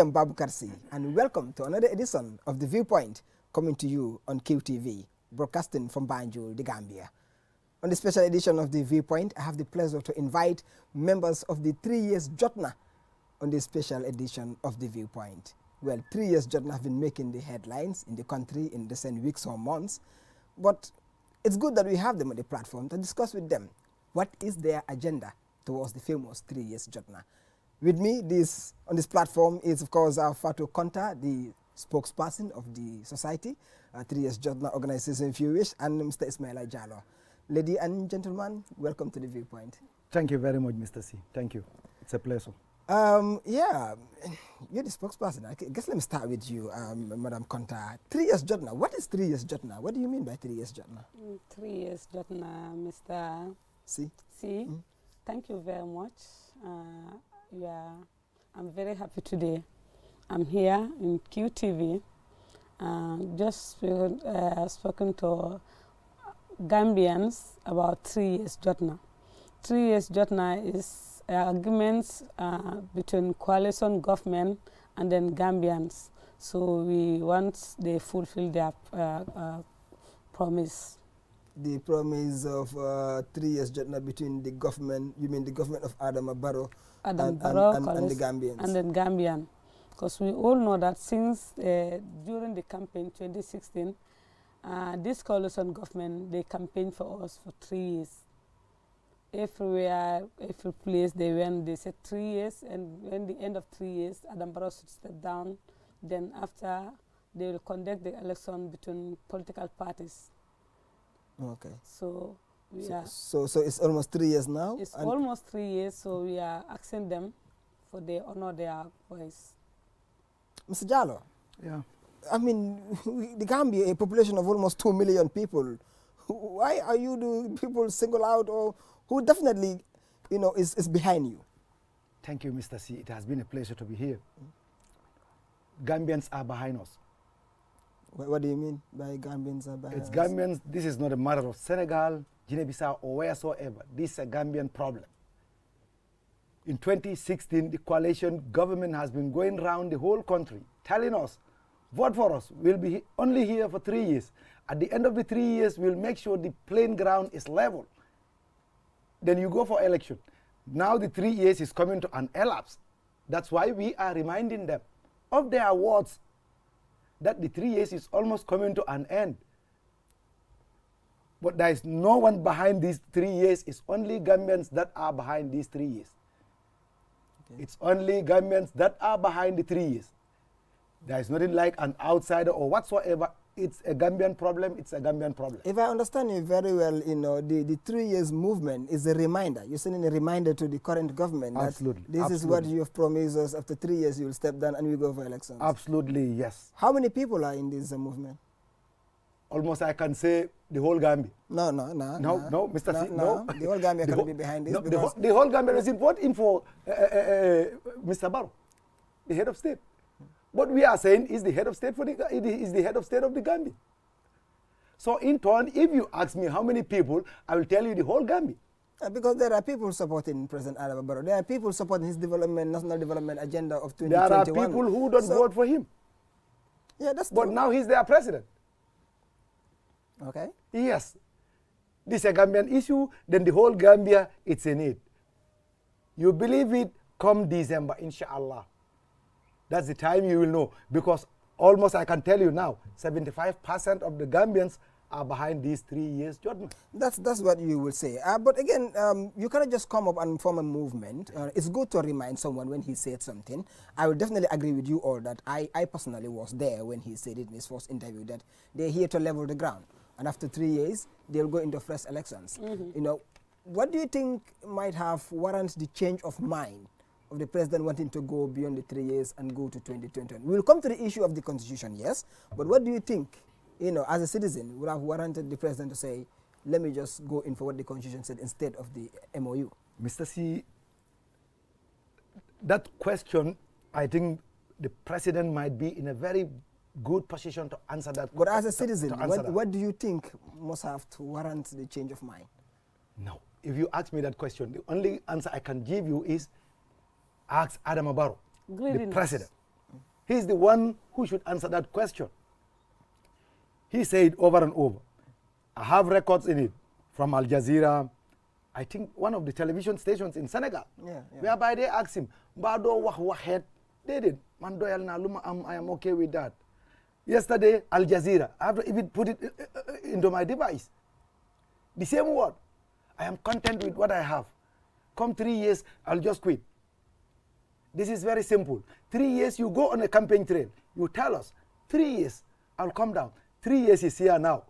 am Babu Karsi, and welcome to another edition of The Viewpoint, coming to you on QTV, broadcasting from Banjul, The Gambia. On the special edition of The Viewpoint, I have the pleasure to invite members of the three years Jotna on this special edition of The Viewpoint. Well, three years Jotna have been making the headlines in the country in recent weeks or months, but it's good that we have them on the platform to discuss with them what is their agenda towards the famous three years Jotna. With me this, on this platform is, of course, our Fatou Konta, the spokesperson of the society, uh, Years Journal Organization, if you wish, and Mr. Ismail Jalo. Ladies and gentlemen, welcome to the Viewpoint. Thank you very much, Mr. C. Thank you. It's a pleasure. Um, yeah, you're the spokesperson. I guess let me start with you, um, Madam Konta. Three years Journal. What is three years Journal? What do you mean by three years Journal? Mm, three years Journal, Mr. C. C. Mm. Thank you very much. Uh, yeah, I'm very happy today. I'm here in QTV, uh, just uh, spoken to Gambians about three years Jotna. Three years Jotna is uh, agreements uh, between coalition government and then Gambians. So we want they fulfill their uh, uh promise. The promise of uh, three years Jotna between the government, you mean the government of Adama Barrow Adam and, Barrow, and, and, and, the Gambians. And then Gambian. Because we all know that since uh, during the campaign 2016, uh, this coalition government, they campaigned for us for three years. Everywhere, every place they went, they said three years, and when the end of three years, Adam Barrow should step down. Then after, they will conduct the election between political parties. Okay. So yeah. So, so, so it's almost three years now? It's almost three years, so we are asking them for the honor their voice. Mr. Jalo? Yeah. I mean, the Gambia, a population of almost 2 million people. Why are you doing people single out or who definitely, you know, is, is behind you? Thank you, Mr. C. It has been a pleasure to be here. Gambians are behind us. What, what do you mean by Gambians are behind it's us? It's Gambians. This is not a matter of Senegal, Guinea-Bissau or wheresoever. This is a Gambian problem. In 2016, the coalition government has been going around the whole country telling us, vote for us, we'll be only here for three years. At the end of the three years, we'll make sure the playing ground is level. Then you go for election. Now the three years is coming to an elapse. That's why we are reminding them of their words that the three years is almost coming to an end. But there is no one behind these three years. It's only Gambians that are behind these three years. Okay. It's only Gambians that are behind the three years. There is nothing like an outsider or whatsoever. It's a Gambian problem. It's a Gambian problem. If I understand you very well, you know, the, the three years movement is a reminder. You're sending a reminder to the current government. Absolutely. This Absolutely. is what you have promised us. After three years, you will step down and we go for elections. Absolutely, yes. How many people are in this uh, movement? almost I can say the whole Gambia. No, no, no. No, no, no Mr. No, C, no. no. The whole Gambia can be behind this. No, the, whole, the whole Gambia is in for uh, uh, uh, uh Mr. Barrow, the head of state. What we are saying is the head of state for the is the head of state of the Gambia. So in turn, if you ask me how many people, I will tell you the whole Gambia. Uh, because there are people supporting President Adama Barrow. There are people supporting his development, national development agenda of 2021. There are people who don't so, vote for him. Yeah, that's But now he's their president. Okay. Yes. This is a Gambian issue, then the whole Gambia, it's in it. You believe it come December, inshallah. That's the time you will know. Because almost I can tell you now, 75% of the Gambians are behind these three years judgment. That's that's what you will say. Uh, but again, um, you cannot just come up and form a movement. Uh, it's good to remind someone when he said something. I will definitely agree with you all that I, I personally was there when he said it in his first interview that they're here to level the ground and after three years, they'll go into fresh elections. Mm -hmm. You know, what do you think might have warrants the change of mind of the president wanting to go beyond the three years and go to twenty We'll come to the issue of the constitution, yes, but what do you think, you know, as a citizen, would have warranted the president to say, let me just go in for what the constitution said instead of the MOU? Mr. C, that question, I think the president might be in a very good position to answer that. But as a citizen, what, what, do you think must have to warrant the change of mind? No. If you ask me that question, the only answer I can give you is ask Adam Abaro, the president. He's the one who should answer that question. He said over and over, I have records in it from Al Jazeera, I think one of the television stations in Senegal, yeah, yeah. whereby they asked him, Bado wah head?" they did. Man doyal na luma I am okay with that. Yesterday, Al Jazeera. I have to even put it uh, uh, uh, into my device. The same word. I am content with what I have. Come three years, I'll just quit. This is very simple. Three years, you go on a campaign trail. You tell us, three years, I'll come down. Three years is here now.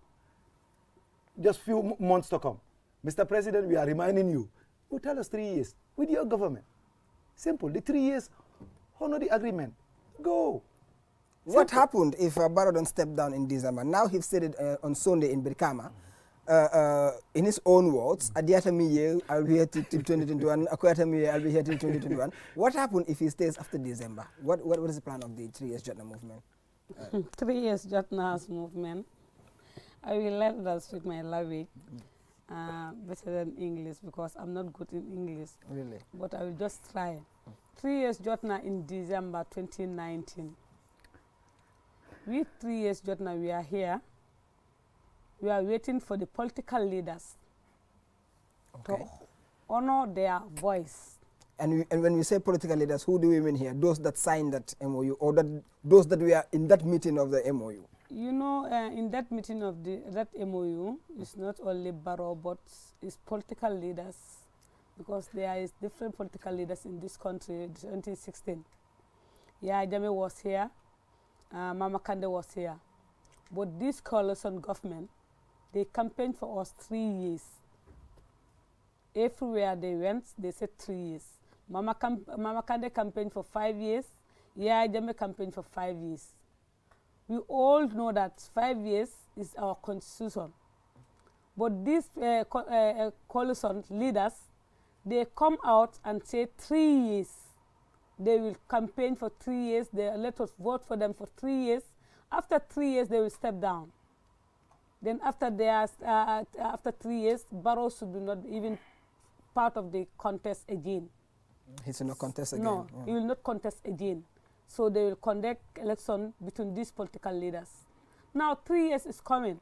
Just few months to come. Mr. President, we are reminding you. You tell us three years with your government. Simple. The three years, honor the agreement. Go. What happened if uh, stepped down in December? Now he's said it uh, on Sunday in Birkama. Uh, uh, in his own words, Adiata Miye, I'll be here till 2021, I'll be here till 2021. What happened if he stays after December? What, what, what is the plan of the three years Jatna movement? Uh, three years Jatna's movement. I will learn that with my language uh, better than English because I'm not good in English. Really? But I will just try. Three years Jatna in December 2019 we three years just now, we are here. We are waiting for the political leaders okay. to honor their voice. And, we, and when we say political leaders, who do we mean here? Those that signed that MOU or that, those that were in that meeting of the MOU? You know, uh, in that meeting of the, that MOU, it's not only Barrow, but it's political leaders because there is different political leaders in this country in 2016. Yeah, Jame was here uh, Mama Kande was here. But this coalition government, they campaigned for us three years. Everywhere they went, they said three years. Mama, Cam Mama Kande campaigned for five years. Yeah, Jame campaigned for five years. We all know that five years is our constitution. But these uh, co uh, uh coalition leaders, they come out and say three years. They will campaign for three years. They, let us vote for them for three years. After three years, they will step down. Then after, they are, uh, uh, after three years, Barrow should be not even part of the contest again. He should not contest again. No, yeah. he will not contest again. So they will conduct election between these political leaders. Now three years is coming.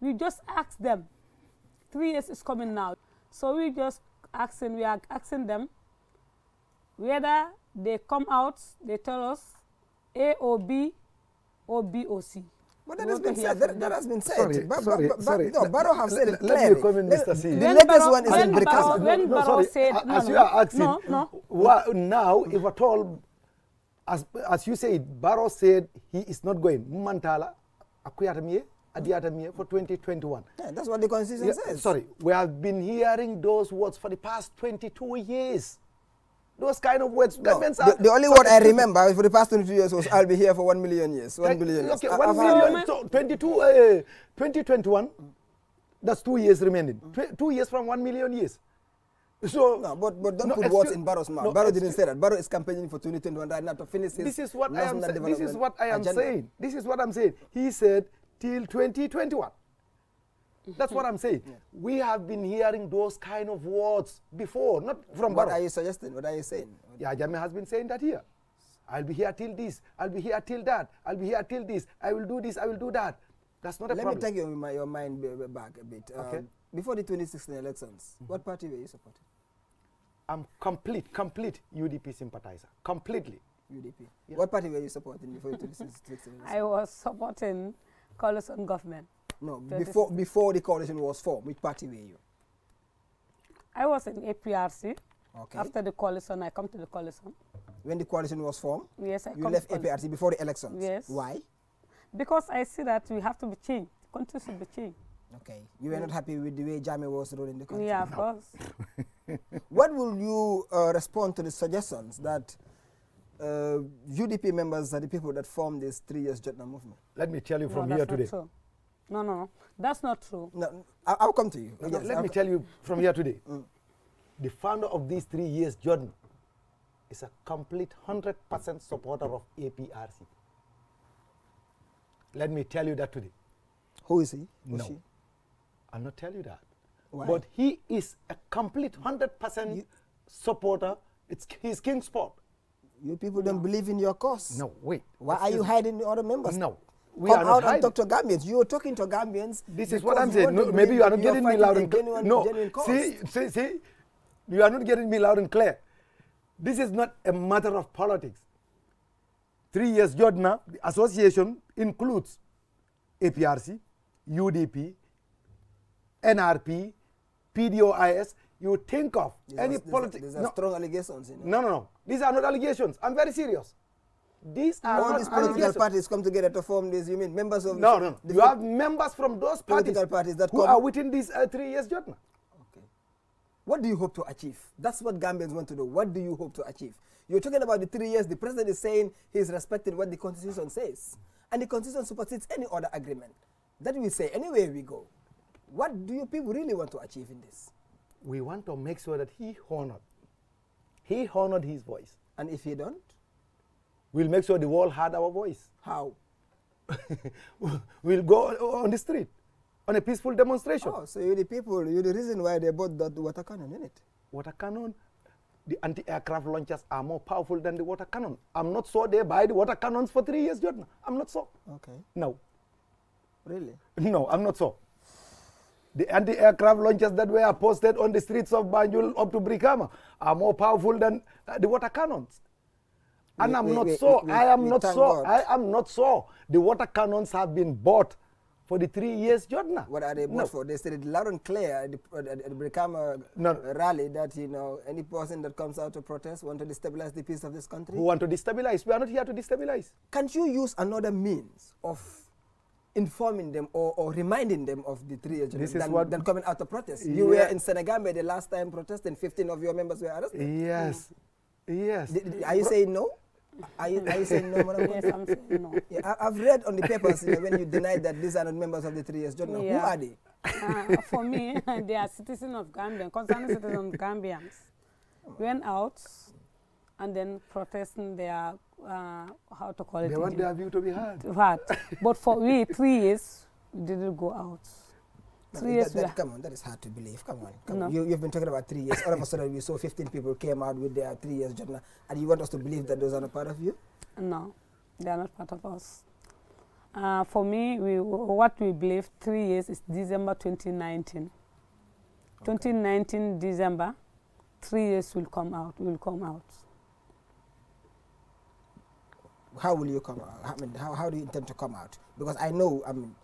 We just ask them. Three years is coming now. So we just asking, we are asking them whether they come out, they tell us A or B or B or C. But that has been said. That, that, has been said. Sorry, ba sorry, ba sorry. No, Barrow have said it clearly. Let Mr. C. The latest Barrow, one is in Bricas. When no, Barrow said, no, as you are asking, no, no. Well, now, if at all, as as you said, Barrow said he is not going. Mantala, akuyatamiye, Adiatamie for 2021. Yeah, that's what the constitution yeah, says. Sorry, we have been hearing those words for the past 22 years those kind of words. No, the, the, only word I remember for the past 22 years was I'll be here for 1 million years. 1 billion years. Okay, I, 1 million. So 22, uh, 2021, that's two years remaining. Mm. two years from 1 million years. So no, but but don't no, put words in Barrow's mouth. No, Barrow didn't say that. Barrow is campaigning for 2021 right now to finish his. This is what I am. This is what I am saying. This is what I'm saying. He said till 2021. That's what I'm saying. Yeah. We have been hearing those kind of words before, not from What Barrow. are you suggesting? What are you saying? Yeah, Jame has been saying that here. I'll be here till this. I'll be here till that. I'll be here till this. I will do this. I will do that. That's not a Let problem. me take your, your mind back a bit. Okay. Um, before the 2016 elections, mm -hmm. what party were you supporting? I'm complete, complete UDP sympathizer. Completely. UDP. Yeah. What party were you supporting before the 2016 elections? I was supporting coalition government. No, before before the coalition was formed, which party were you? I was in APRC. Okay. After the coalition, I come to the coalition. When the coalition was formed? Yes, I You left APRC before the elections? Yes. Why? Because I see that we have to be changed. The country should be changed. Okay. You were not happy with the way Jami was ruling the country? Yeah, of no. course. what will you uh, respond to the suggestions that uh, UDP members are the people that formed this three years Jotna movement? Let me tell you from no, here today. So. No, no, no. That's not true. No, I'll, come to you. No, yes, let I'll me tell you from here today. Mm. The founder of these three years journey is a complete 100% supporter of APRC. Let me tell you that today. Who is he? no. She? I'll not tell you that. Why? But he is a complete 100% supporter. It's his king's sport. You people no. don't believe in your cause. No, wait. Why are you hiding the other members? No, we come out hiding. and talk to Gambians. You are talking to Gambians. This is what I'm saying. No, maybe you are not getting me loud and clear. No, see, see, see, you are not getting me loud and clear. This is not a matter of politics. Three years, Jodna, the association includes APRC, UDP, NRP, PDOIS. You think of these any politics. These are no. strong allegations. You know? No, no, no. These are not allegations. I'm very serious. These are all these political parties come together to form this. You mean members of no, no, no. You have members from those parties, parties that who come. are within these uh, three years, Jotna. Okay. What do you hope to achieve? That's what Gambians want to know. What do you hope to achieve? You're talking about the three years. The president is saying he's respecting what the constitution says, and the constitution supersedes any other agreement. That we say anywhere we go. What do you people really want to achieve in this? We want to make sure that he honored. He honored his voice. And if he don't? We'll make sure the world heard our voice. How? we'll go on the street on a peaceful demonstration. Oh, so you the people, you the reason why they bought that water cannon, isn't it? Water cannon? The anti-aircraft launchers are more powerful than the water cannon. I'm not sure they buy the water cannons for three years, Jordan. I'm not so. Okay. No. Really? No, I'm not so. The anti-aircraft launchers that were posted on the streets of Banjul up to Brikama are more powerful than uh, the water cannons and I'm not we, I am not sore. I am not so. The water cannons have been bought for the three years Jordan. What are they bought no. for? They said it loud and clear at the, the Brikama no. Uh, rally that you know any person that comes out to protest want to destabilize the peace of this country. Who want to destabilize? We are not here to destabilize. Can't you use another means of informing them or, or reminding them of the three This than, what than coming out to protest. Yeah. You were in Senegambe the last time protesting, 15 of your members were arrested. Yes, mm. yes. D are you Pro saying no? Are you, are you saying no, Yes, I'm saying no. Yeah, I, have read on the papers you know, when you denied that these are not members of the three years. John, yeah. who are they? Uh, for me, they are citizens of Gambia, concerned citizens of Gambians. Went out and then protesting their, uh, how to call it? They want their view to be heard. Heard. But for we, three years, we didn't go out three years that, that, come on that is hard to believe come on come no. on. You, you've been talking about three years all of a sudden we saw 15 people came out with their three years journal and you want us to believe that those are not part of you no they are not part of us uh, for me we what we believe three years is december 2019 okay. 2019 december three years will come out will come out how will you come out? I mean, how, how do you intend to come out? Because I know, I mean,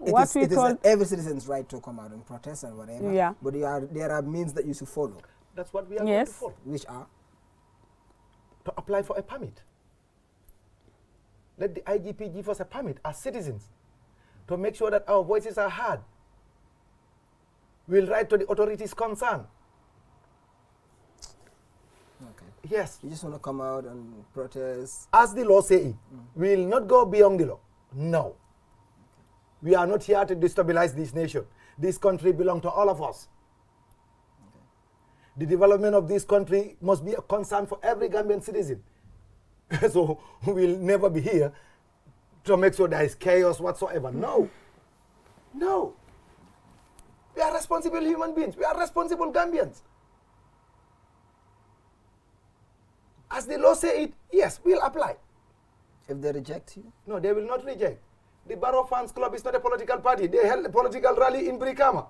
it we it is every citizen's right to come out and protest and whatever. Yeah. But are, there are means that you should follow. That's what we are yes. going to follow. Which are? To apply for a permit. Let the IGP give us a permit as citizens to make sure that our voices are heard. We'll write to the authorities concerned. Okay. Yes. You just want to come out and protest? As the law say, mm. we'll not go beyond the law. No. We are not here to destabilize this nation. This country belongs to all of us. The development of this country must be a concern for every Gambian citizen. so we'll never be here to make sure there is chaos whatsoever. No. No. We are responsible human beings. We are responsible Gambians. As the law say it, yes, we'll apply. If they reject you? No, they will not reject. The Barrow Fans Club is not a political party. They held a political rally in Brikama.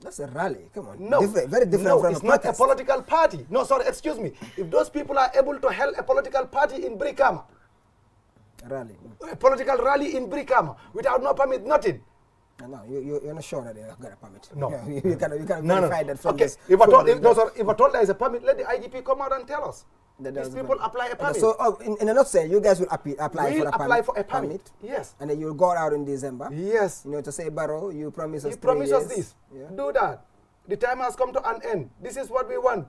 That's a rally. Come on. No. Different, very different no, from it's a not a political party. No, sorry, excuse me. If those people are able to hold a political party in Brikama, rally. A political rally in Brikama without no permit, nothing. No, you, you, are not sure that they have got a permit. No. you, you, can, you can no, verify no. that from okay. this. If at, all, if, no, sorry, if at all there is a permit, let the IGP come out and tell us. These people permit. apply a permit. Okay, so, oh, in, in a nutshell, you guys will apply, apply we'll for a apply permit. for a permit. Yes. And then you'll go out in December. Yes. You know, to say, Barrow, you promise us. You promise us this. Yeah. Do that. The time has come to an end. This is what we want.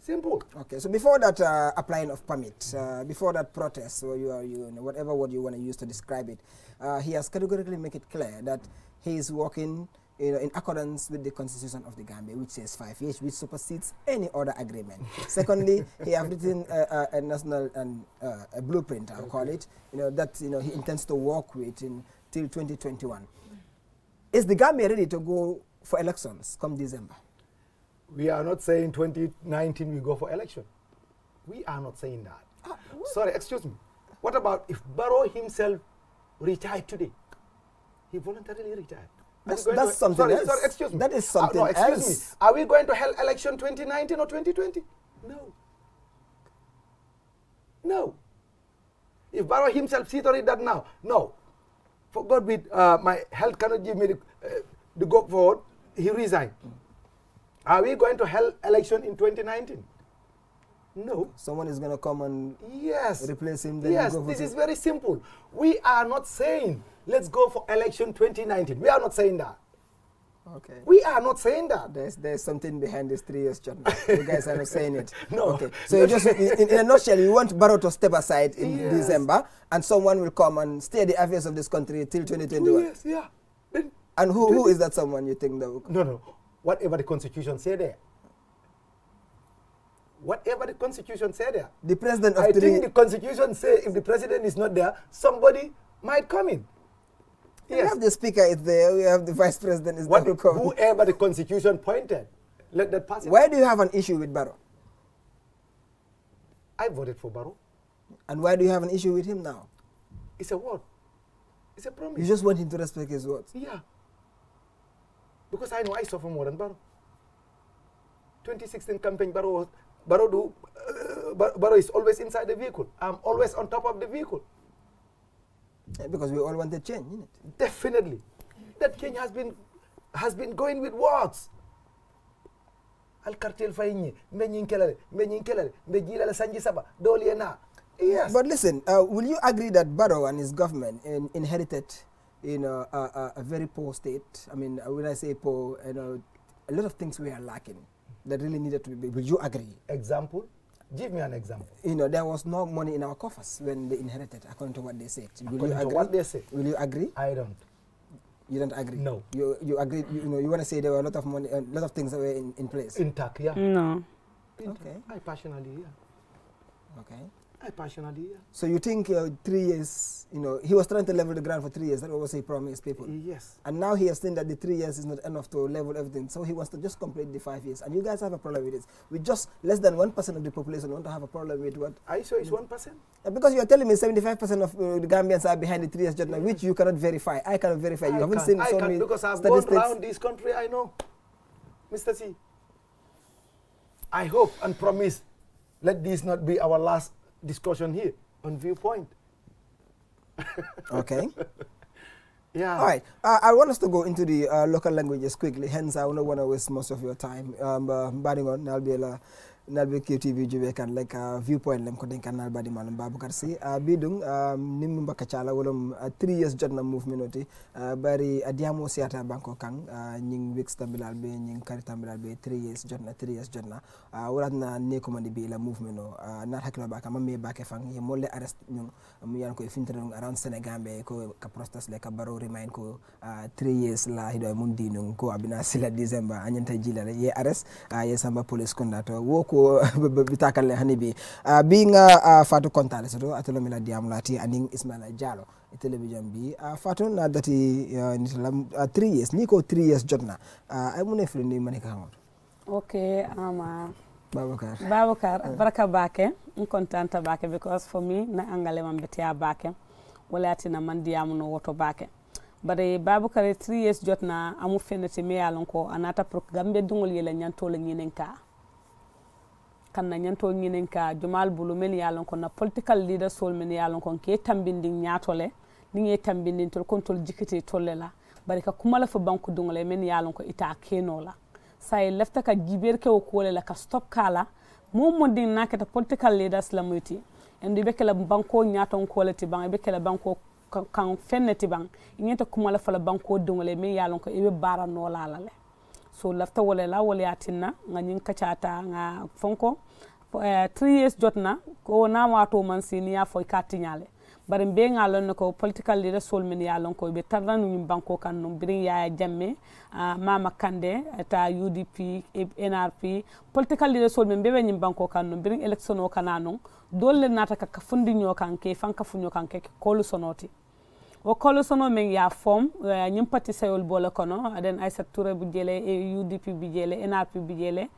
Simple. Okay. So before that uh, applying of permit, uh, before that protest, or you, are, you know, whatever word you want to use to describe it, uh, he has categorically made it clear that he is working you know, in accordance with the constitution of the Gambia, which says five years, which supersedes any other agreement. Secondly, he has written uh, a, uh, a, national and uh, a blueprint, I'll call it, you know, that you know he intends to work with in, till 2021. Is the Gambia ready to go for elections come December? We are not saying 2019 we go for election. We are not saying that. Ah, Sorry, excuse me. What about if Barrow himself retired today? He voluntarily retired. That's, that's to, something sorry, else. Sorry, excuse me. That is ah, something uh, no, excuse else. Me. Are we going to hell election 2019 or 2020? No. No. If Barrow himself sees already that now, no. For God be, uh, my health cannot give me the, uh, the go forward, he resigned. Mm. Are we going to hell election in 2019? No. Someone is going to come and yes. replace him. yes, this is very simple. We are not saying let's go for election 2019. We are not saying that. Okay. We are not saying that. There's there's something behind this three years journey. you guys are not saying it. no. Okay. So you just in, in, a nutshell, you want Barrow to step aside in yes. December, and someone will come and steer the affairs of this country till 2021. Yes. Yeah. Then and who, who is that someone you think that? Will come? No, no. Whatever the constitution say there. Whatever the constitution say there. The president. I think the constitution say if the president is not there, somebody might come in. Yes. We have the speaker is there. We have the vice president is what, there. Whoever the constitution pointed, let that pass. Why do you have an issue with Barrow? I voted for Barrow. And why do you have an issue with him now? It's a word. It's a promise. You just want him to respect his words. Yeah. Because I know I suffer more than Barrow. 2016 campaign, Barrow, Barrow, do, uh, Barrow is always inside the vehicle. I'm always on top of the vehicle because we all wanted change, isn't it? Definitely. That change has been has been going with words. Al cartel fayinye, menyin kelale, menyin kelale, la sanji saba, doliye na. Yes. But listen, uh, will you agree that Barrow and his government in, inherited you know, a, a, a, very poor state? I mean, uh, when I say poor, you know, a lot of things we are lacking that really needed to be. Will you agree? Example? Give me an example. You know, there was no money in our coffers when they inherited, according to what they said. Will according you agree? what they said. Will you agree? I don't. You don't agree? No. You you agree? You, you know, you want to say there were a lot of money, a lot of things that were in, in place. Intact, yeah. No. Intact. Okay. I personally, yeah. Okay. I personally, yeah. So you think uh, three years, you know, he was trying to level the ground for three years. That was he promised people. Yes. And now he has seen that the three years is not enough to level everything. So he wants to just complete the five years. And you guys have a problem with this. We just less than 1% of the population want to have a problem with what? I so it's 1%? because you are telling me 75% of uh, the Gambians are behind the three years judgment, yes. which you cannot verify. I cannot verify. I you haven't can, seen I so can, many Because I've statistics. gone around this country, I know. Mr. C, I hope and promise let this not be our last discussion here on Viewpoint. okay. Yeah. All right. Uh, I want us to go into the uh, local languages quickly. Hence, I don't want to waste most of your time. Um, uh, batting on Nalbiela nalɓe kewtiɓe joɓe kan like ah, view point lem ko ɗen kan nalbadi malum babacar sy ɓi ɗum nimmi a cala wolom three years jotna mufminoti ah, bari adiyamo ah, siyata banko kan ñing weeks tambilal ɓe ñing kari tambilal ɓe three years jotna three years jotna wolatna nekomandi ɓe ila movement o nat hakkilo ba kam mamme fan ye molle arrest ñun mi yan koye fintere ɗum around sénégal ɓe ko ka prostas le ka baro remain ko three years la hiɗo mum di ɗum ko abina sila décembre añanta jilal ye arrest ye samba police konda ko bita kalle hani bi uh, ah, binga uh, fatu kontale soto atelo mila diamulati aning ismaila dialo e télévision mbi uh, ah, fatu na dati uh, nitalam uh, 3 years ni ko 3 years jotna uh, ay mune fulindi mani ka ngoto ok ama um, Babacar. Babacar, yeah. baraka bake, I'm content bake because for me, na angale man betea bake, wala ati na man diamu no woto bake. Bare Babacar, 3 years jotna amu fenete me alonko anata program be dungol yele nyantole nyinen ka. kanna na ñantol ñinin ka jumal bulu men ye lon ko na political leader sol men ye lon ko ke tambindin ñatole ni ye tambindin tol kon jikiti tolle la bari ka kuma la fa banku dungole men ye lon ko ita keno la saye lefta ka jiber ke wo la ka stop kala mo mo din na political leaders la muti endu e be kala banko ñaton kole ti bang e be kala banko kan fenne ti bang ñenta kuma la fa la banko dungole men ye lon ko ibe e bara no la la so lafta wolela wolya tinna nga ñing kacata nga fonko uh, three years jotna ko na wato man sini ya foy katiñale bari mbe nga lon ko political leader sol min ya lon ko be tarranu ñum banko kan num biri yaya jamme uh, mama kande ta udp nrp political leader sol min be be ñum banko kan num biri election o kana non nata ka kafundi ñokan ke fanka fu ñokan ke kolu sonoti o kolo sono min ya fom euh, ñim pati sayol boole kono aɗen aissat touré bi jeele udp bi jeele nrp bi jeele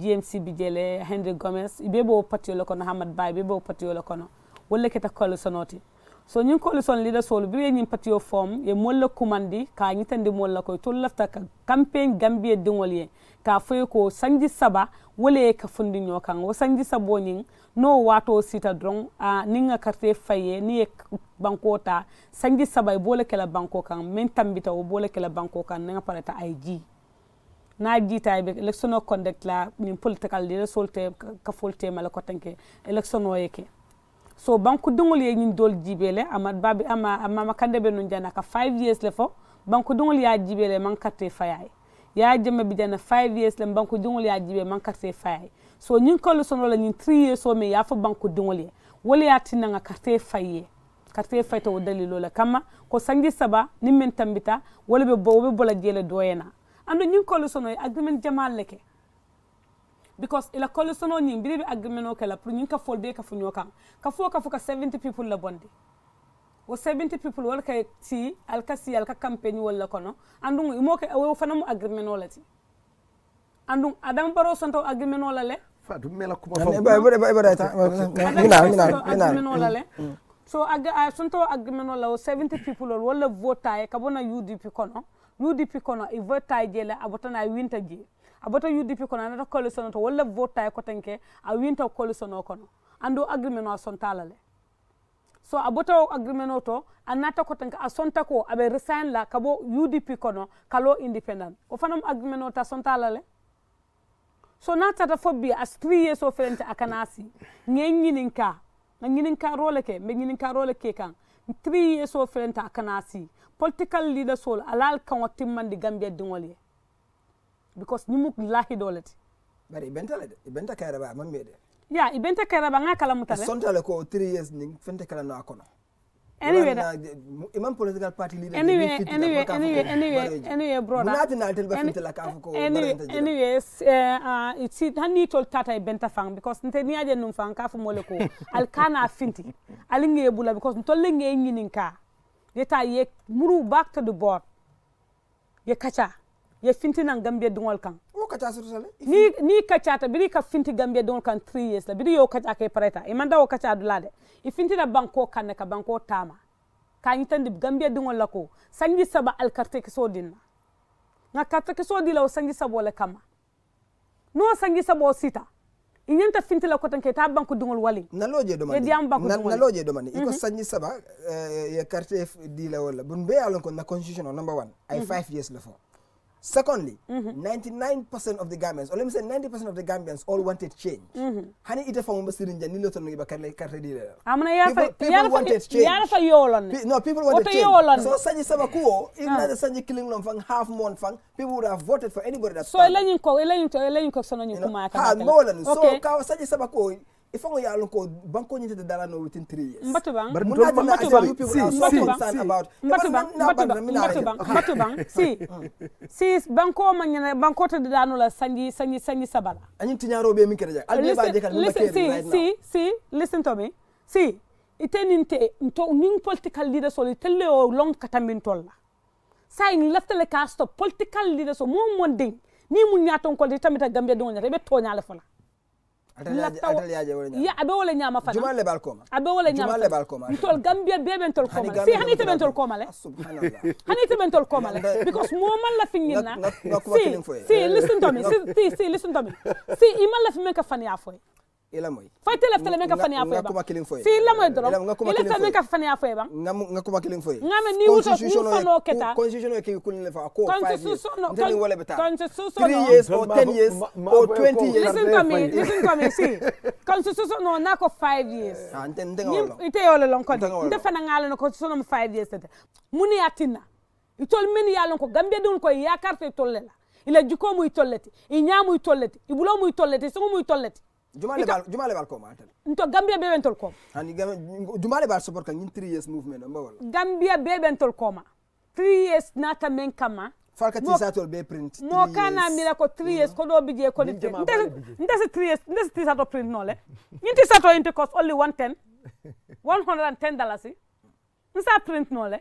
gmc bi jeele henry gomes ɓe ɓo patiyole kono hamad bay ɓe ɓo patiyole kono wolle keta kolo sonoti so ñin kolo son lida solu ɓe ñin patiyo fom ye molla kumandi ka ñitandi molla koye tol lafta ka campagne gambie diŋol ye ka fo ko sanji saba wole ye fundi ɲɔ kan o sanji sabo ɲin n'o wato sita dɔrɔn a ni ka karite faye ni ye banko ta sanji saba i b'ole kɛla banko kan min tambita o b'ole kɛla banko kan ni ka parata a ye ji n'a jita be election o conduct la nin political de resolte ka folte mala ko tanke election o yeke so banku dungol ye ñin dol jibele ama babi ama ama makande be non jana ka 5 years le fo banku dungol ya jibele man katte fayaye ya jemma bidana 5 years le banko dingol ya jibe man carte faye so nyin kollo sono la nyin 3 years so me ya fo banko dingol ya wala ya tinanga carte faye carte faye to dalilo la kama ko sangi saba nim men tambita wala be bo be bola jele doyena ando nyin kollo sono agreement jamal leke because ila kollo sono nyin bibe agreement o kala pour nyin ka folbe ka fu nyokan ka fo ka fu ka 70 people la bonde wo 70 people wala kay ti alka si alka campaign wala kono andun imo ke wo fana mu agreement wala ti andun adam baro sonto agreement wala le fatu mela kuma fa ba ba ba ba ta mina mina agreement wala le mm. so aga sonto agreement wala 70 people wala vote ay kabona UDP kono UDP kono e vote ay jela abotana winta je abota UDP kono anata coalition to wala vote ay ko tanke a winta coalition kono ando agreement wa sontalale so a ɓotawo agreement to a natta ko tan a sonta ko aɓe resign la kabo udp kono kalo independent o fanam agreement o ta sontala le so nattata fobbi a three years o felente a kanasi ŋen ñininka na ñininkarole ke mbe ñininkarole ke kan three years o felente a kanasi political leaders ol alal kaŋo timmandi gambia diŋol ye because ñimuk lahidolete bari i benta le de i benta kayraba a mammie de ya i bente kera ba kala mutale sonta le ko 3 years ni fente kala na kono anyway da imam political party leader anyway anyway anyway anyway anyway brother munati na tel ba fente la kafu ko anyway anyway uh it's it hani tol tata i benta fang because nte ni aje num fang kafu mole ko al kana finti al nge bula because tol le nge nyininka yeta ye muru back to the board ye kacha ye finti nan gambia dungol kan ni ni kacaata biri ka finti gambia don kan 3 years la biri yo kacha ke pareta e manda o kacha dula de e finti la banko kanne ka banko tama ka ni tande gambia dingol la ko sanji saba al carte ke na na carte ke sodi la o sanji sabo le kama no sanji sabo sita i inyanta finti la ko tan ke ta banko dingol wali na loje do mani diam banko na loje do mani iko mhm. sanji saba e carte di la wala bun be alon ko na constitution number 1 ay 5 mhm. years la fo Secondly, 99% mm -hmm. of the Gambians, or let me say 90% of the Gambians all wanted change. Mm-hmm. Hani ite fa mumba sirinja nilo tono ngiba karle karle dile. Amna ya fa ya wanted change. Ya fa yolon. No, people wanted Ope change. Yolon. So sanji sama kuo, even yeah. sanji killing lom fang half moon fang, people would have voted for anybody that. So elenyin ko elenyin to elenyin ko sono nyi Ha So sanji sama kuo ifongo ya loko banko nyinte de dalano within 3 years mbato bang mbato bang mbato bang mbato bang mbato bang mbato bang mbato bang mbato bang si si banko manyana banko te dalano la sanji sanji sanji sabala anyi tinyaro be min kereja albe ba je kan mo kere right now si si listen to me si ite ninte nto ning political leader so telle o long katamin tolla sa in left le casto political leader so mo mon ding ni mun nyaton ko de tamita gambia don nyata be tonya le fona lattawo ya aɓe wole ñama fana jumale bal koma aɓe wole ñamajumale bal koma ntol gambia be ɓen tol komale si hanite ɓen tol komale hanite ɓen tol komale because mo malla finginna si si listen to me si si si i malla fi men ka faniya foye ilamoi fay tele fele men ka fani afoye ba ngakuma kiling foye si ilamoi doro ile fele men ka fani afoye ba ngakuma kiling foye ngame keta constitution e ki fa ko 5 years nteni wala beta constitution 3 years or 10 years or 20 years listen to me listen to me si constitution no na ko 5 years nteni ah, nteni wala ite yole lon ko nte fana itol men yalon ko la ila juko mu itolleti inyamu itolleti ibulo mu itolleti songu mu jumale bal jumale bal ko ma tan nto gambia be bentol ko ani jumale bal support kan yin 3 years movement mba wala gambia be bentol ko ma 3 years nata men kama falka ti satol be print mo kana mira ko 3 years ko do bije ko dite ndese 3 years ndese ti sato print no le yin ti sato yin cost only 110 110 dollars nsa print no le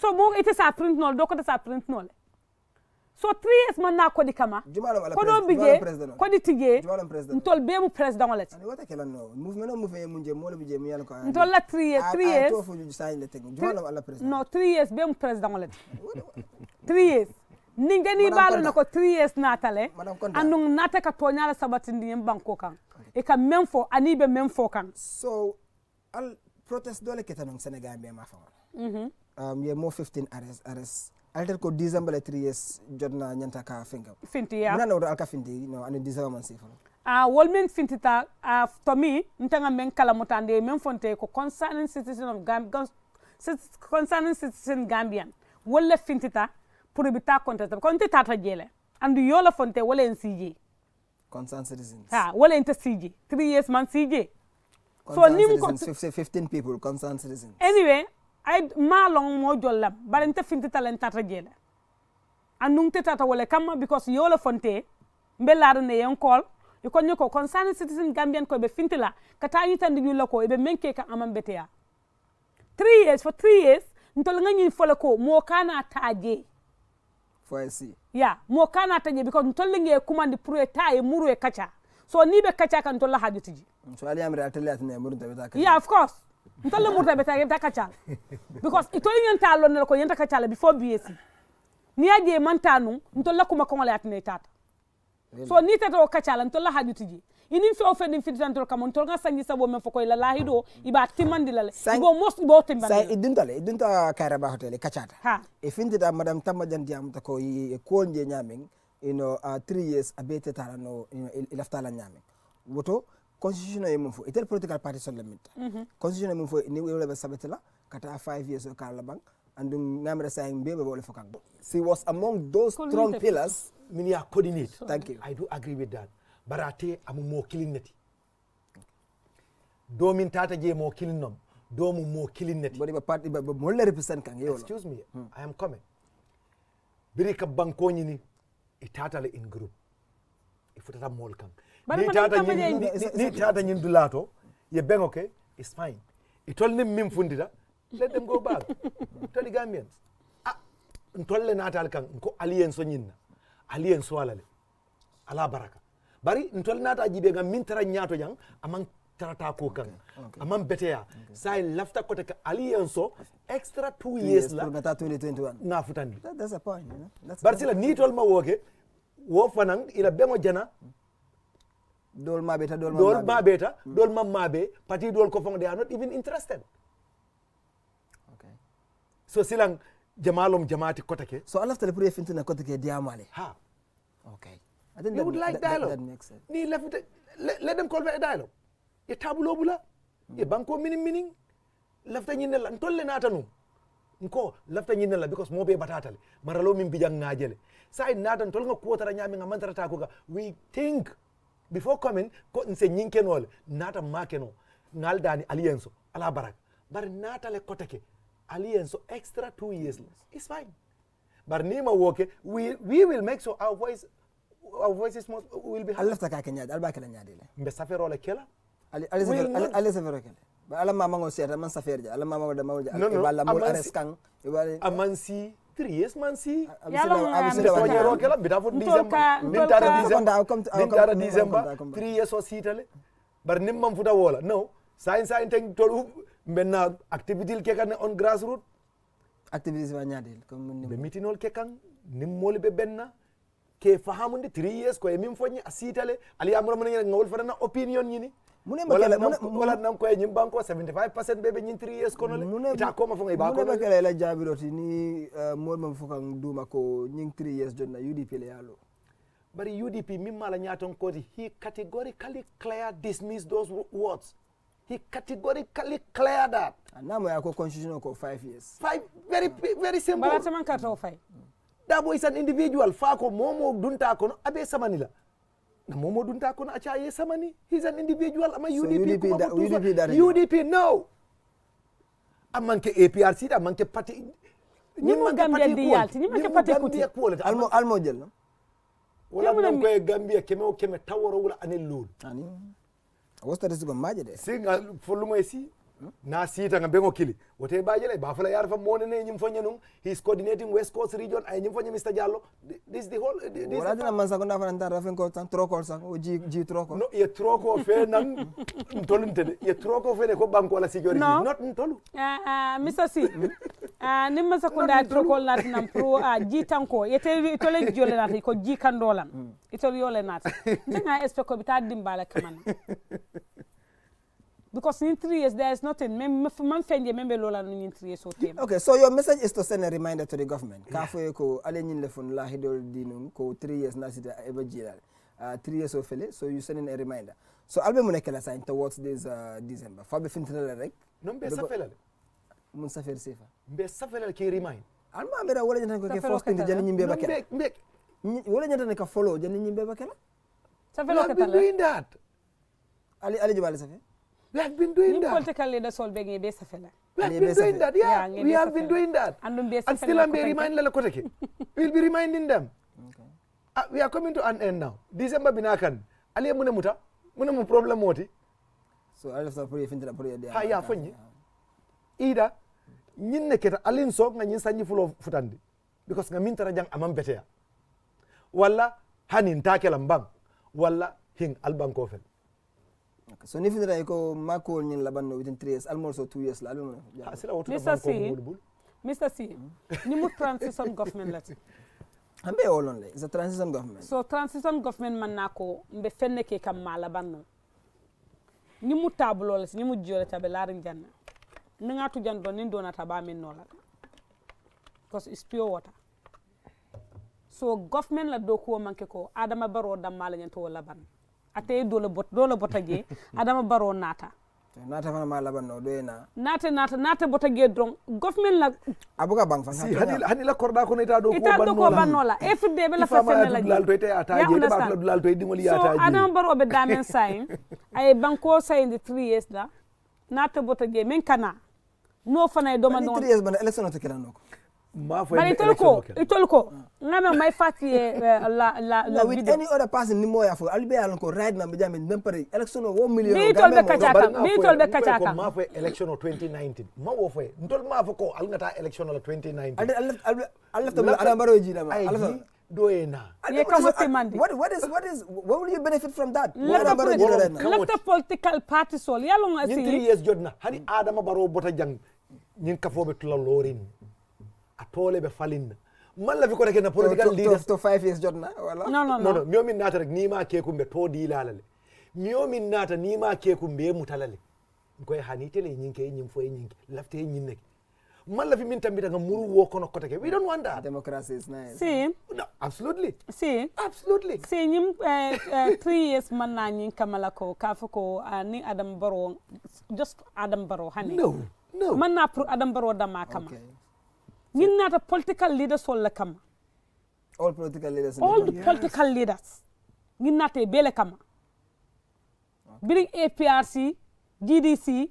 so mo ite sa print no do ko sa print no le so three years man na kodi kama koɗo bije kodi tige ntol be mu président o lati ntol la three years three mu président o lati three years ni gani balo na ko three years natale andu nata ka toñala sabatindi yen banko kan e ka men fo ani be men fo kan so al protest dole ketanon sénégal be ma fawal mhm. um, ye mo 15 alter ko 10 ans bala 3 jotna ñanta ka fenga finti ya nana wor alka finti no ane 10 man sifo a wol men fintita ta ah to mi ntanga men kala mutande men fonte ko concerning citizen of gambia concerning citizen gambian wolle fintita pour bi ta konta ta konta ta ta jele andu yola fonte wala en sije concerned citizens ha wala en ta sije 3 years man sije so nim ko 15 people concerned citizens anyway ay maalon mo jollam bare nte fintita len tata jela anung te tata wala kamma because yola fonte mbelaado ne yen kol ikonye ko concerned citizen gambian ko be fintila tandi ñu la ko be menke ka amam beteya 3 years for 3 years ntol ngani fole ko mo kana fo foisi ya mo kana taje because ntol ngi commande pour eta e muru e kacha so ni be kacha kan tolla hajutiji so ali amri atelle atne muru tabita kacha of course ntol le murta beta yebta kacala because itol ñanta lon ne ko yenta kacala before bsc e. ni ya je manta nu ntol la kuma kongola atne tata so ni tata o kacala ntol la hajuti je inin fe o fe din fitan tol kam ntol nga sangi sabo men fokoy la lahi do iba timandi la bo mos bo timandi sa idin tole idin kare ba hotel kacata ha e fintita madam tamma janti am ta ko yi ko nje nyamin you know uh, ah, three years abete tala no you know, ilaftala nyamin woto constitution ye mun fo ye mun fo ni wole ɓe sabatila five years o kala bank andu ngamira sa en mbiɓe wole fo kan ɗo she was among those strong pillars min ya coordinate i do agree with that barate amo mo kilinneti domin tata je mo kilinnom domum mo kilinneti waɗi ɓe parti ɓe molle represent kan yewlo excuse hmm. i am coming biri ka bankoñi ni e tatala in groupe e futata mool kan ni tata ñin dula to ye beŋo ke is fine i tol nin min fundita let them go back toli gambians a ah, ntolle natal kan nko aliyen so na aliyen ala le ala baraka bari ntol nata jibe ga min tara ñaato jang aman tarata ko kan okay. aman beteya okay. lafta kote ka aliyen so extra two years, years la na futandi that, that's a tol ma woke wo fanan ila beŋo jana dol mabeta dol dol mabeta mm. dol mam mabe parti dol ko fong they are not even interested so silang jamalom jamati kotake so alaftale pour yefintina kotake diyamale ha okay I think you would like that, ni left let, let them call a dialogue ye tabulo bula mm. ye hmm. banko mining mining lafta ñinde la ntolle natanu nko lafta ñinna la because mobe batatale maralo min bijang ngajele sai nadan tol nga kuotara ñami nga mantara ta koga we think before coming ko nse ñinkenol nata makeno ngal dani alienso ala barak bar natale koteke alienso extra two years it's fine bar nima woke we we will make so our voice our voices must will be halafta ka kenya dal ba kala nyaade le mbe safero le kela ali ali safero kela alam mamagon seeta man safere dia alam mamago damago dia e balla mol ares kan e wari amansi tries mansi yalonñero kela mbita fo décembre min tara décembre min tara décembre tries o siitale bar nimman futa woola non sayin sayin ten toɗu mbenna activité l kekane on grass route activisme a ñaadel be mitinol ke kan nimmoli ɓe benna ke fahamude tries ko e min foñi a siitale aliyamuramanagene ngawol fotana opinion ñini wala nan koye ñin banko 75 percent ɓe ɓe ñintiri yes kono le ita fo ngay ba kono kala la jabiroti ni eh, mol mam fo kan duma ko ñintiri yes jonna udp le yalo bari udp maa la ñaton kodi hi categorically clear dismiss those words he categorically clear that anamo ah, ya ko constitution ko 5 years 5 very ah. very simple bala taman kato fay dabo is an individual fa moo momo dunta kono abe samanila Momo kono na ye Samani. He's an individual. ama a UDP. UDP, da, UDP, da, UDP, no. amanke APRC da amanke parti. Nyimma Gambia di ke parti kuti. Almo almo jelna. Wala e Gambia kemeo keme taworo wala anelul. Ani. Wasta resigo maje de. Singa fulumo si na sita nga bengo kili wote baje le fala yar fa mone ne nyim fonya nung he is coordinating west coast region ay nyim fonya mr jallo this the whole this wala dina man ko na fa ndar rafen ko tan troko sa o ji ji troko no ye troko fe nan ntolun tede ye troko fe ne ko banko la sigiori not ntolu ah ah mr si hmm? ah nim man ko da troko la tan pro a ji tanko ye te tole jole na ko ji kandolam hmm. itol yole na nga espeko ko ta bala kamana because in three years there is nothing. Man fendi membe lola in three years Okay, so your message is to send a reminder to the government. Kafo ko alenyin lefun la hidol dinum ko three years na sita evangelial. Uh, ah, three years of fele, so you sending a reminder. So I'll be munekela sign towards this uh, December. Fabi fintinela rek. Nombe safelale. Mun safel sefa. Mbe safelale ki remind. Alma mera wala nyanta ko ke first thing jani nyimbe bakela. Mbe mbe wala nyanta ka follow jani nyimbe bakela. Safelale katala. Doing that. Ali ali jibale safelale. We have been doing that. Political leaders all begging be safela. We have been ya, doing that. Yeah, yeah we have been doing that. And, and still I'm be reminding la koteke. We'll be reminding them. Okay. Uh, we are coming to an end now. December binakan. Ali mune muta. Muna mu problem moti. So I just pray finta pray dia. Ha ya fanyi. Ida nyin ne keta alin so nga nyin sanyi of futandi. Because nga min jang amam betea. Walla hanin takela lambang. Walla hing albang kofel. so ni finira ko makowol ñin labanno within 3 years almost so 2 years la almo ah, mr c mr c hmm? ni mu transition government lati ambe olon le it's transition government so transition government man nako mbe fenne ke kam ma labanno ni mu tablo lati ni mu jole tabe larin janna ni ngatu jan don ni donata taba min la because it's pure water so government la ko manke ko adama baro damma la ñanto labanno ate dola bot dola bota je adama baro nata nata fana ma labanno ɗo ena nata nata nata bota ge dron government la abuga bang fan si hani hani la korda ko neta do ko banno ko banno la fdb la fa sen la lal toy te ata je de batla lal toy dimol ya ata je so adama baro be damen sayin ay banko sayin de 3 years la nata bota ge men kana no fana e doma non 3 years bana election to kelano ko but he told ko he told ko ngame my party la la la no, with video. any other person ni moya fo albe alon ko right na bijame nem o 1 million ni tol be kachaka ni tol be election o 2019 ma wo fo ntol ma fo ko al ngata election o 2019 al al al ta ala maro ji dama al do ena ye kamo temandi what what is what is what will you benefit from that ala maro ji dama left political party sol yalo ngasi 3 years jodna hani adama baro bota jang nyin kafobe tulallorin atole ɓe falinna malla fi kono ke na political leaders to five years jotna voilà non non non mi o min naata rek nima kekum ɓe to dilala le mi o min naata nima kekum ɓe mutala le koye hani tele e ñinke e fo e ñinke lafte e ñinneke malla fi min tambita nga muru wo kono kota ke we don't want that democracy is nice si no, absolutely si absolutely si ñim eh, uh, three years man na ñin kamala ko kafa ko uh, ah, ni adam baro just adam baro hani no no man na pour adam baro dama kama okay. ñinnata political leaders walla kama all political leaders all the yes. political leaders ñinnata e bele kama okay. birin aprc gdc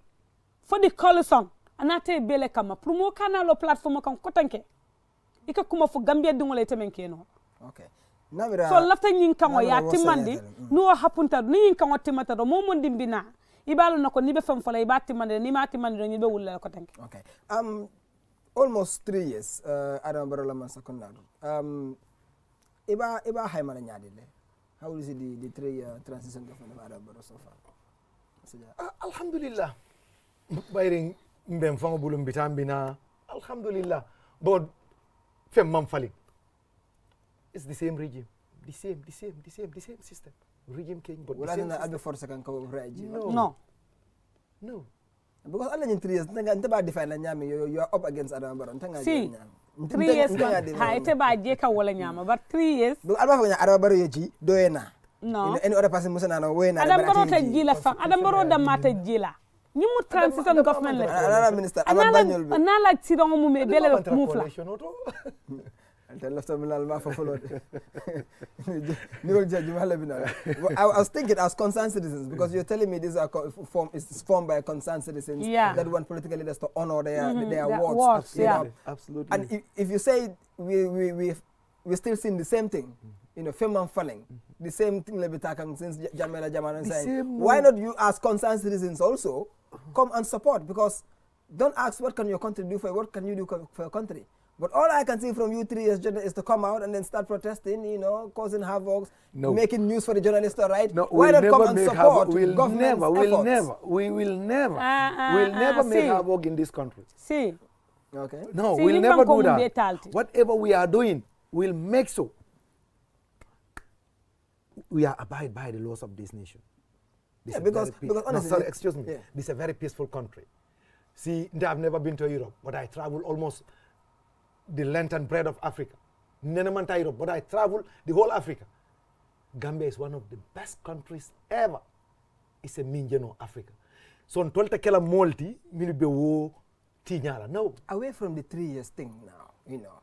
fodi coalition anata e bele kama pour mo kanalo plateforme kan kotanke ika kuma fo gambia dingola e temen keno okay. Nabira, so lafta ñin kango ya timmandi mm. nuwo hapunta ni ñin kango timmata do mo mondi mbina ibalo nako nibe fam fola iba timmande ni ma timmande do ñibe wulla ko tanke okay. um, almost three years uh, barola man secondaire um, eba iba hay mana le how is it the, the three year transition of adam so far ah, alhamdulillah bayring mbem fango bulum bina alhamdulillah but fem mam fali it's the same regime the same the same the same the same system regime king but wala na adu force kan ko regime no, no. because alla ñin three years ntanga ba define ñami yo you are up against adama baro ntanga si three years ha ite ba je ka wala ñama bar three years because alba fa adama baro yo ji doyena no adama baro ta jila fa adama transition government la ala minister ala bagnol bi na la ci rongo mu me انت من I was thinking as concerned citizens because you're telling me these are form is formed by concerned citizens yeah. that want political leaders to honor their mm -hmm. their awards. awards yeah. Absolutely. And if, if, you say we we we we're still seeing the same thing, mm-hmm. you know, film and falling, mm -hmm. the same thing Lebitakam since Jamela Jamalan saying. Why not you as concerned citizens also come and support because don't ask what can your country do for you, what can you do for your country? But all I can see from you three is, is to come out and then start protesting, you know, causing havoc, no. making news for the journalists, all right? No, Why we'll not come and support we'll government's never, we'll efforts? Never, we will never, uh, uh, we'll never uh, make see. havoc in this country. See. Okay. No, see, we'll never do that. Whatever we are doing, we'll make so. We are abide by the laws of this nation. This yeah, because, because honestly, no, sorry, excuse me. Yeah. This is a very peaceful country. See, I've never been to Europe, but I travel almost the lantern bread of Africa. Nenamanta Europe, but I travel the whole Africa. Gambia is one of the best countries ever. It's a mingeno Africa. So on tolta kela multi minu bewo tinyala. No. Away from the three years thing now, you know.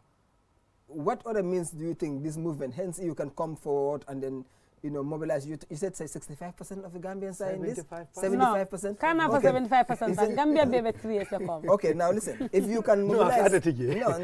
What other means do you think this movement, hence you can come forward and then you know, mobilize you. You said say 65% of the Gambians are in this? 75%? No, can't have 75%. Gambia be about three years ago. Okay, now listen. If you can mobilize... no, at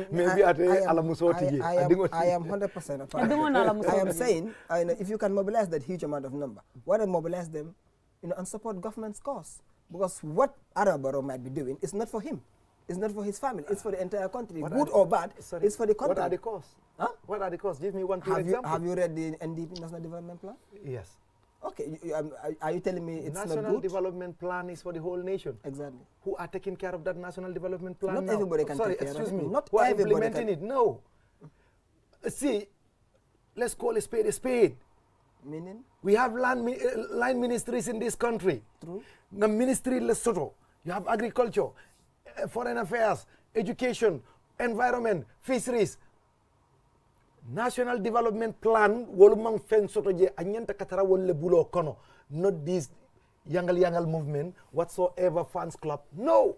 no, Maybe at Alamuso I, I, I am 100% I am saying, I know, if you can mobilize that huge amount of number, why don't mobilize them you know, and support government's cause? Because what Arabaro might be doing is not for him. It's not for his family. It's for the entire country. What Good or bad, sorry, it's for the country. What are the costs? Huh? What are the costs? Give me one have you, example. Have you read the NDP, National Development Plan? Yes. Okay, you, um, are you telling me it's national not good? development plan is for the whole nation. Exactly. Who are taking care of that national development plan? Not now? everybody can Sorry, take care excuse of me. Not Who are implementing it? No. Uh, see, let's call a spade a spade. Meaning? We have land mi uh, line ministries in this country. True. The ministry Lesotho. You have agriculture, uh, foreign affairs, education, environment, fisheries, national development plan wolu mang fen soto je anyanta katara wolle bulo kono not this yangal yangal movement whatsoever fans club no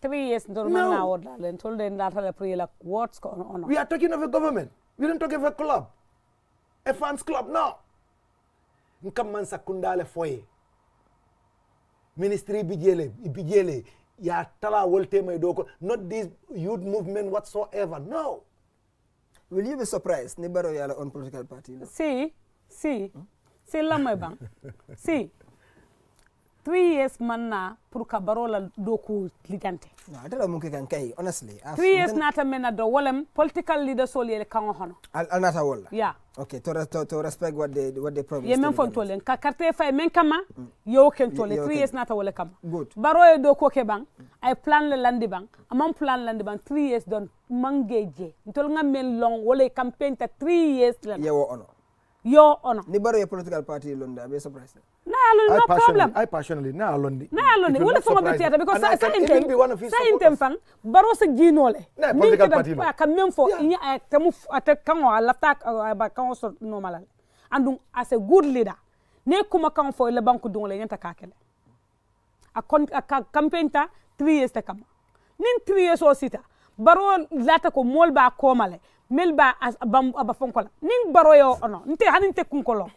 three years no. now told them that like what's going on we are talking of a government we don't talk of a club a fans club no nkam man sakundale foye ministry bijele ya tala wolte may doko not this youth movement whatsoever no Will you be surprised? Neighbor on political party. No? See, see, see, Lamai Bang. See. three years na pour ka barola doku ligante no adala mun kan kay honestly three years nata mena do wolem political leader sol yele kango hono al, al wolla yeah okay to, to, to respect what they what they promise ye men fon tolen ka carte fay men kama mm. yo ken tole yo, three years nata wolle kama good baro e do ko ke bang ay plan le landi bang amam plan landi bang three years don mangeje ntol ngam men long wolle campaign ta three years la yewo ono yo ono ni baro ye political party londa be surprised na no problem ay passionally na londi na londi wala sama be theater because sa sa intem sa intem fan baro sa ginole na political party no ka mem fo inya tamu ate kan wa lafta ba kan so normal andum as a good leader ne kuma kan fo le banku dungole nyanta ka kele a kon a campaign ta 3 years ta kama nin 3 years o sita baro lata ko mol ba komale mel ba bam ba fonkola nin baro yo ono nte hanin te kunkolo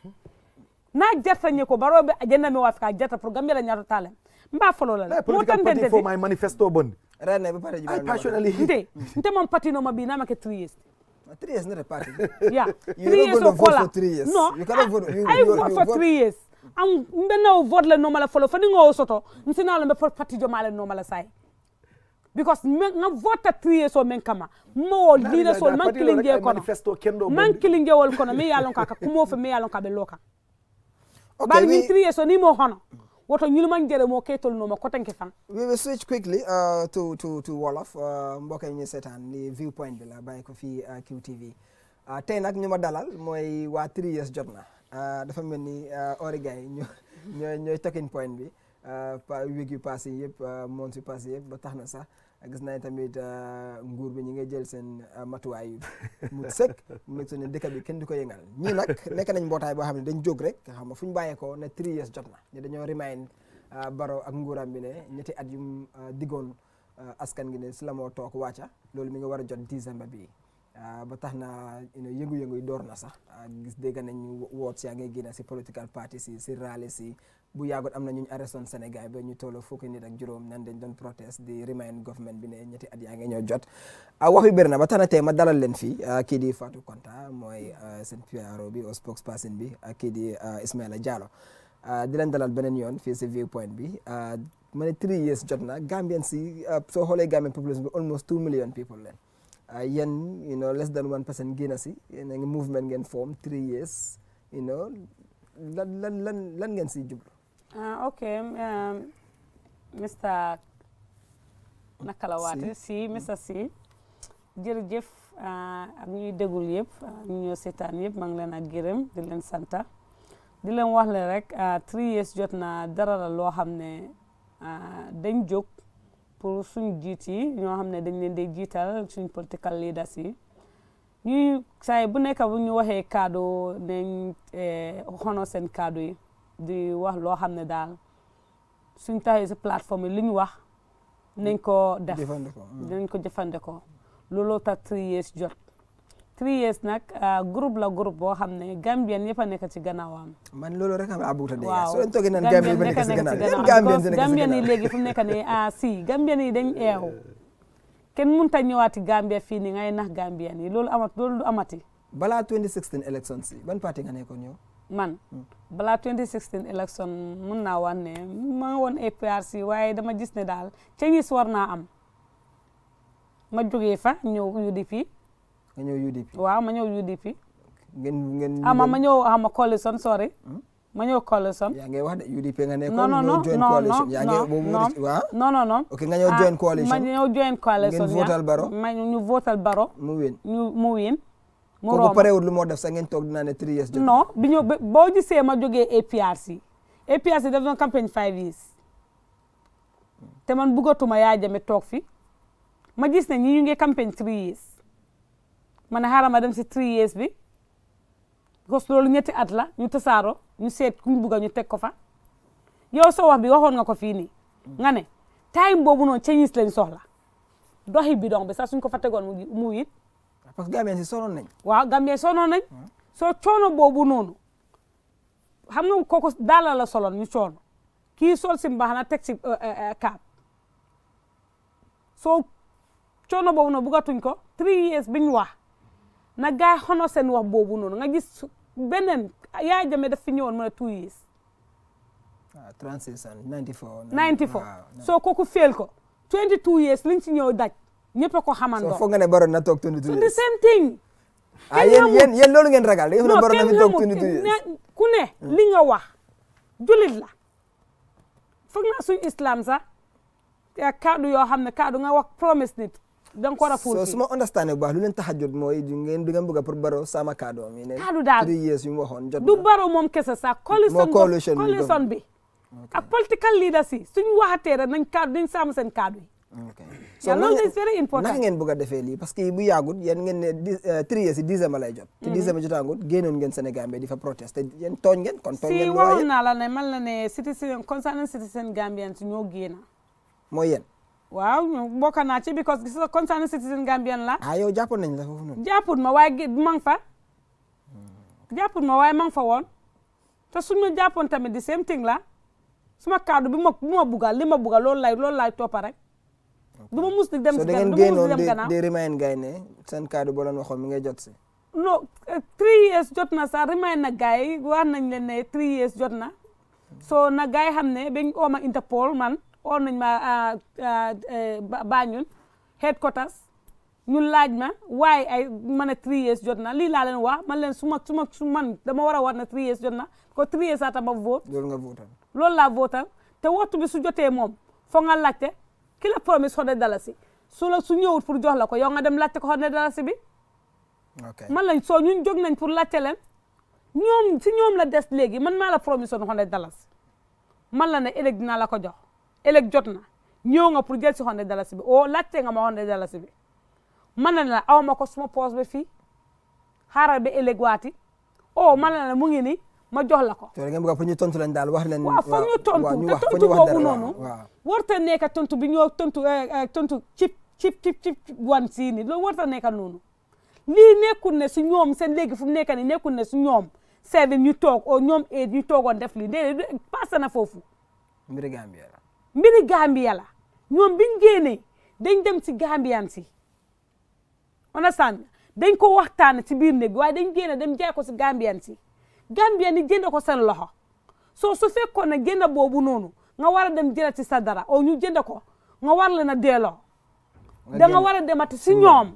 naa jartañe ko baro ɓe ajannami wafi ka jarta pour gambela ñatotalen mba folola motandendeɗe ma manifesto bonde rene ɓe pare ay passionnali nde nte moon patinoma ɓi namake tri years three years nere party. Yeah, three years Three years. No, you cannot ah, vote. You, I ah, you, vote you for vote. three years. Am mbena vote le normal follow. Fani ngo soto. Nse na lembe for party joma le normal sai. Because na vote three years or men kama. Mo leader so man ye kono. Manifesto kendo. Man killing ye wal kono. Me yalon kaka kumo fe me yalon kabe moo Okay, we, we will switch quickly uh, to, to, to Wolof. Uh, Mboka yi ñu seetaan ni viewpoint bi la bàyyi ko fii uh, QTV uh, tey nag ñu ma dalal mooy waa 3 years jot na dafa mel ni origa yi ñu ñooy ñooy talking point bi week yu passé yëpp month yu passé yëpp ba tax na sax gis naa tamit euh, nguur bi ñu nga jël seen euh, matuwaay mu sëkk mu ne dëkk bi kenn du ko yëngal ñii nag nekk nañ mbootaay boo xam ne dañ jóg rek xam nga fu ñu bàyyeekoo ne three years jot na ñu dañoo remind euh, Baro ak nguuram bi ne ñetti at yum diggoon askan gi ne si la moo toog wàcca loolu mi nga war a jot décembre bii Ah, ba tax na yëngu-yëngu yi door na sax ah, gis dégg nañu woot si yaa ngi si political party si si rally si bu yàggut am na ñu arrestoon Sénégal ba ñu tolloo fukki nit ak juróom nan dañ doon protest di remind government bi ne ñetti at yaa ngi ñoo jot ah, wax bi bëri na ba tax na tey dalal leen fii kii di Fatou Konta mooy seen PRO bi au spokesperson bi kii di Ismaila Jallow di leen dalal beneen yoon fii si viewpoint bi ma ne three years jot na Gambian si soo xoolee Gambian population bi almost leen Uh, yen you know less than one percent gain si yéen a ngi movement gain form three years you know lan lan lan lan ngeen si jublu. ah ok Mr Nakalawaate si Mr si jërëjëf ah, ak ñuy dégul yëpp ah, ñu ñoo seetaan yëpp maa ngi leen a di leen santa di leen wax le rek ah, three years jotna dara la loo xam ne dañ pour suñ jiit yi ñoo xam ne dañ leen di jiital suñ political leaders yi ñuy saay bu nekk bu ñu waxee kaddu nañ eh, xono seen kaddu yi di wax loo xam ne daal suñ taxee si plateforme yi li ñu wax nañ ko def mm. nañ ko jëfandikoo looloo tax three years jot three years nag group la group boo xam ne Gambien yëpp a nekk ci gannaawam. man loolu rek am abuta dégg nga. a nekk ci gannaaw Gambien nekk Gambien yi léegi fu mu nekk nii ah si Gambien yi dañ eew kenn mun mënut a ñëwaati Gambia fii nii ngay nax Gambien yi loolu amat loolu du amati. balaa 2016 election si ban parti nga nekkoon yow. man balaa 2016 election mun naa wax ne ma woon APRC waaye dama gis ne daal changes war naa am ma jógee fa ñëw UDP. nga ñëw UDP. waaw ma ñëw UDP. ngeen ngeen ah ma ma ñëw ah ma coalition sorry. Hmm? ma ñëw coalition. yaa ngi wax de UDP nga nekkoon. non no non non non yaa nga ñëw join ah, coalition. ma ñëw join coalition. ngeen votal baro ma ñu votal baro. lu moo def sax ngeen toog dinaa ne three years. non bi ñu boo gisee ma jógee APRC APRC daf doon campagne five years te man bëggatuma yaa jame toog fi ma gis ne ñi ñu ngi campagne three years. ma ne xaaral ma dem si three years bi parce loolu ñetti at la ñu tasaaro ñu seet ku ñu bugg a ñu teg ko fa yow soo wax bi waxoon nga ko fii nii nga ne time boobu noonu changes lañ soxla doxi bidon bi sax suñ ko fa tegoon mu it ah, parce que Gambien si sonoon nañ waaw Gambien sonoon nañ hmm. soo coono boobu noonu xam nga kooku daala la soloon ñu coono kii sol si mbaxana teg si kaab eh, eh, eh, soo coono boobu noonu buggatuñ ko three years bi ñu wax na gaay xono sen wax boobu noonu nga gis beneen Yaya Jammeh daf fi ñëwoon mën a two years. ah 36 ans 94. 94 soo kooku féel ko 22 years liñ ci ñëw daj ñëpp a ko xamandoo. soo foog nga ne baroon na toog 22 years. so the same ah, ngeen ragal. yéen baroon na years ku ne hmm. li nga wax jullit la foog naa suñu islam sax kàddu yoo xam ne kàddu nga wax promise nit. da nga ko war a fuul fii so su ma understandé bu baax lu leen tax a jot mooy di ngeen di ngeen bëgg a pour baro sama kaddu ne three years yu mu jot baro moom kese sax coalition bi ak political leaders yi suñu waxatee rek nañ kaddu ngeen bëgg a lii parce que bu yaagut yéen ngeen ne di euh, three years yi dixième lay jot te dixième jotaangut génnoon ngeen Sénégal bi di fa protesté yéen tooñ ngeen kon tooñ ngeen si waxoon naa waaw bokk naa ci because concerned citizen Gambian la. ah yow jàppoon nañ la foofu noonu. jàpput ma waaye ma nga fa. jàpput ma waaye ma fa woon te suñu ma jàppoon tamit di same thing la su ma kaddu bi ma bu ma li ma bugal loolu laay loolu laay toppa rek. ma mus di dem si gannaaw du ma mus di dem gannaaw. di remind gars ne seen kaddu boo leen waxoon mi ngay jot si. non eh, three years jot na sax remind na gars yi wax nañ leen ne three years jot na. so na gars yi xam ne ba ñu ooma Interpol man. oo nañ ma ah, ah, eh, Banjul headquarters ñu laaj ma waaye ay man na three years jot na lii laa leen wax man leen su ma su ma su man dama war a war na three years jot na ko three years ata ma vote loolu nga votal loolu laa votal te waxtu bi su jotee moom foo nga laajte ki la promise hundred dalasi su la ñëwut pour jox la ko yow nga dem laajte ko hundred dalasi bi man lañ soo ñun jóg nañ pour laajte leen ñoom si ñoom la des léegi man maa la promise woon hundred dalasi man la ne ëllëg dinaa la ko jox ëllëg jot na ñëw nga pour jël si hundred dalasi bi oo laajte nga ma hundred dalasi bi man na la aw ma ko suma poos ba fii xaaral ba ëllëg waati oo man na la mu ngi ni ma jox la ko. te ngeen bëgg a foog ñu tontu leen daal wax leen. waaw foog ñu tontu te tontu noonu. waaw warut a nekk tontu bi ñoo tontu eh, eh, tontu cip cip cip cip wan sii nii loolu warut a nekk noonu. lii nekku ne si ñoom seen léegi fu mu nekk nii nekkul ne su ñoom seven ñu toog oo ñoom eight ñu toogoon def lii déedéet passé na foofu. mbiri Gambia la ñoom biñ génnee dañ dem ci Gambian si understand dañ ko waxtaan ci biir néeg bi waaye dañ génne dem jaay ko si Gambian si Gambian yi jënd ko seen loxo soo su fekkoon ne jënd boobu noonu nga war a dem jëla ci sa dara o ñu jënd ko nga war la na delloo. da nga war a demati si ñoom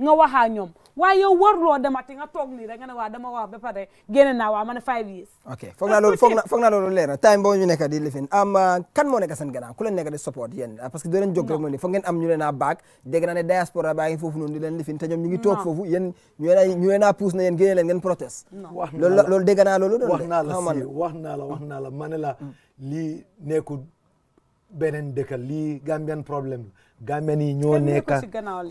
nga waxaa ñoom. waaye yow warloo demati nga toog nii rek nga ne waa dama waa ba pare génne naa waa ma five years. ok foog naa loolu foog time boo ñu nekk di lifin am kan moo nekk seen gannaaw ku leen nekk di support yéen ah, parce que a baag dégg naa diaspora baa ngi foofu noonu di leen lifin te ñoom ñu toog foofu yéen ñu leen a ñu leen a pousse na yéen génne leen ngeen protest loolu loolu loolu wax naa wax naa la wax la mm. lii nekkul beneen dëkk lii Gambian problème la Gambien yi ñoo nekk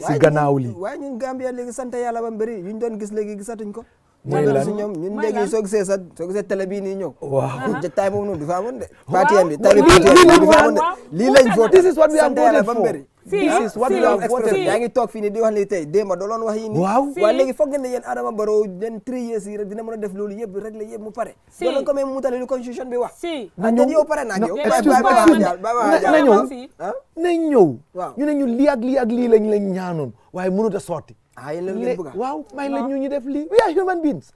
si gannaaw li waaye ñun Gambien léegi sant yàlla ba mbëri yu ñu doon gis léegi gisatuñ ko. mooy lan ñun léegi soo gisee sa soo gisee télé bii nii ñëw. waaw jotaay moom noonu du fa amoon de. waaw waaw waaw waaw lii lañ si this ah, is what we have voted yaa ngi toog fii nii di wax ni tey démb doloon wax yi nii waaw waaye léegi foog ngeen ne yéen Adama Barrow yéen three years yi rek dina mën a def loolu yëpp rek la yëpp mu pare doloon ko même mu mutale lu constitution bi wax ah, na ñëw yow pare na ñëw nañ ñëw waaw ñu ne ñu waaye mënut a sotti ah, waaw may la ñu ñu def lii we are human beings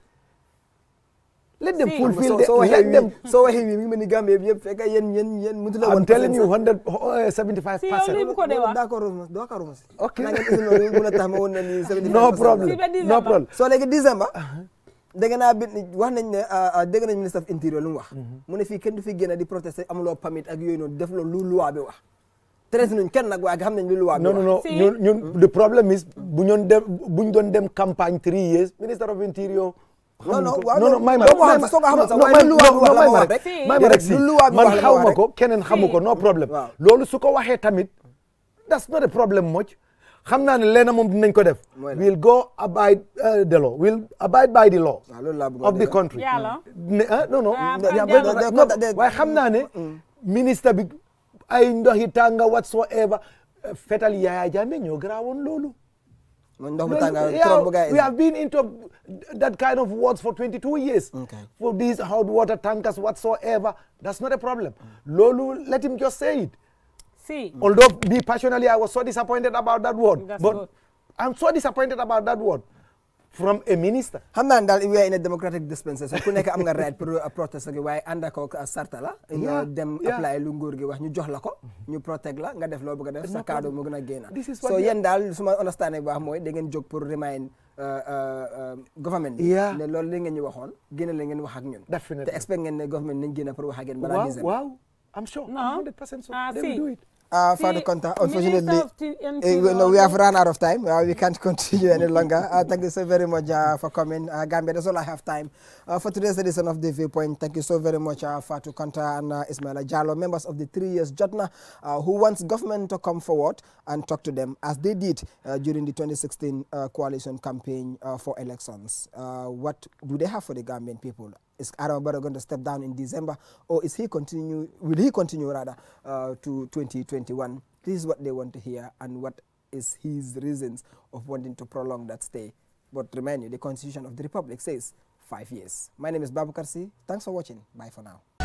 let them fulfill so, so let them so waxe wi mi ngi mel ni Gambie fekk yéen yéen yéen mëntu telling you hundred oh, eh, seventy five percent d'accord d'accord ok mën a tax ma woon na ni seventy no problem so léegi décembre uh-huh. dégg naa bi wax nañ ne ah, ah, dégg nañ of interior lu mu wax mm-hmm. mu ne fii kenn du fi génn di protester amuloo permit ak yooyu noonu def loolu lu loi bi wax traité nuñ kenn nag waaye xam nañ lu loi bi non non ñun ñun the problem is bu ñoon dem bu ñu doon dem campagne three years minister of interior non non non may ma rek may ma rek si man xaw ma ko keneen xamu ko no problème loolu su ko waxee tamit that's not a problem much xam naa ne leena moom dinañ ko def we'll go abide euh, the law we'll abide by the law of the country non ah, non ah, waaye xam naa ne mm. ministre bi ay ndoxi tànga whatsoever fetal Yaya Jammeh ñoo garaawoon loolu No, yeah, we have been into that kind of wars for 22 years. For these hot tankers whatsoever, that's not a problem. Mm. Lolu, let him just say it. Although me personally, I was so disappointed about that word. but I'm so disappointed about that word. from a minister. xam naa ne daal we are in a democratic dispensation ku nekk am nga right pour uh, protest gi waaye ànd ak uh, sarta la. nga dem apply lu gi wax ñu jox la ko. ñu protect la nga def loo bëgg a def sa kaddu mu gën a génn. so yéen daal understanding bu mooy da ngeen jóg pour remind uh, um, government bi. ne loolu ngeen ñu waxoon génne la ngeen wax ak ñun. definitely te expect ngeen ne government nañ génn pour wax ak yéen. balaa 10 ans waaw waaw I'm sure. Uh, Father Conta, unfortunately, uh, no, we have run out of time. Uh, we can't continue any longer. Ah, thank you so very much ah, for coming. Gambia, that's all I have time Uh, for today's edition of The Viewpoint, thank you so very much, uh, Fatu Kanta and uh, Ismaila Jalo, members of the three years Jotna, uh, who wants government to come forward and talk to them, as they did uh, during the 2016 uh, coalition campaign uh, for elections. what do they have for the Gambian people? Is Adam Barrow going to step down in December, or is he continue? Will he continue rather to 2021? This is what they want to hear, and what is his reasons of wanting to prolong that stay. But remind you, the Constitution of the Republic says five years. My name is Babu Karsi. Thanks for watching. Bye for now.